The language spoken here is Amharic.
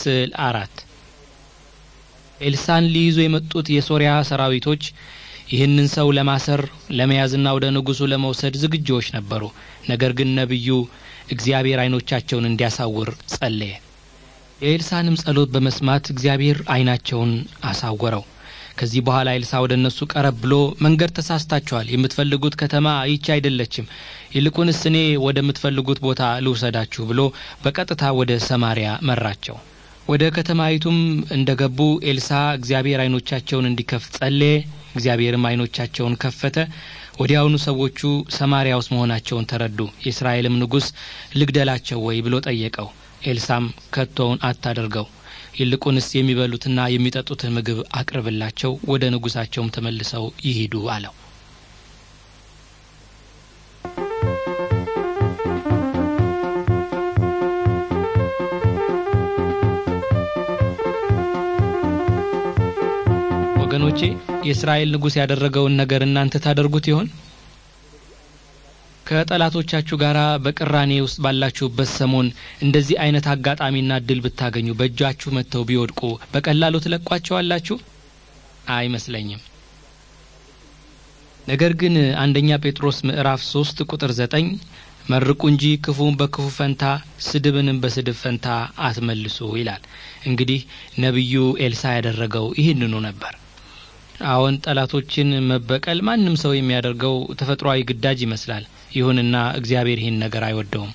ስዕል አራት ኤልሳን ሊይዙ የመጡት የሶሪያ ሰራዊቶች ይህንን ሰው ለማሰር ለመያዝና ወደ ንጉሱ ለመውሰድ ዝግጅዎች ነበሩ። ነገር ግን ነቢዩ እግዚአብሔር ዓይኖቻቸውን እንዲያሳውር ጸለየ። የኤልሳንም ጸሎት በመስማት እግዚአብሔር ዓይናቸውን አሳወረው። ከዚህ በኋላ ኤልሳ ወደ እነሱ ቀረብ ብሎ መንገድ ተሳስታችኋል፣ የምትፈልጉት ከተማ ይቺ አይደለችም፣ ይልቁንስ እኔ ወደምትፈልጉት ቦታ ልውሰዳችሁ ብሎ በቀጥታ ወደ ሰማሪያ መራቸው። ወደ ከተማይቱም እንደ ገቡ ኤልሳ እግዚአብሔር አይኖቻቸውን እንዲከፍት ጸለየ። እግዚአብሔርም አይኖቻቸውን ከፈተ። ወዲያውኑ ሰዎቹ ሰማሪያ ውስጥ መሆናቸውን ተረዱ። የእስራኤልም ንጉሥ ልግደላቸው ወይ ብሎ ጠየቀው። ኤልሳም ከቶውን አታደርገው፣ ይልቁንስ የሚበሉትና የሚጠጡትን ምግብ አቅርብላቸው፣ ወደ ንጉሳቸውም ተመልሰው ይሂዱ አለው። ወገኖቼ የእስራኤል ንጉሥ ያደረገውን ነገር እናንተ ታደርጉት ይሆን ከጠላቶቻችሁ ጋር በቅራኔ ውስጥ ባላችሁበት ሰሞን እንደዚህ አይነት አጋጣሚና እድል ብታገኙ በእጃችሁ መጥተው ቢወድቁ በቀላሉ ትለቋቸዋላችሁ አይመስለኝም ነገር ግን አንደኛ ጴጥሮስ ምዕራፍ ሶስት ቁጥር ዘጠኝ መርቁ እንጂ ክፉን በክፉ ፈንታ ስድብንም በስድብ ፈንታ አትመልሱ ይላል እንግዲህ ነቢዩ ኤልሳ ያደረገው ይህንኑ ነበር አዎን ጠላቶችን መበቀል ማንም ሰው የሚያደርገው ተፈጥሯዊ ግዳጅ ይመስላል። ይሁንና እግዚአብሔር ይህን ነገር አይወደውም።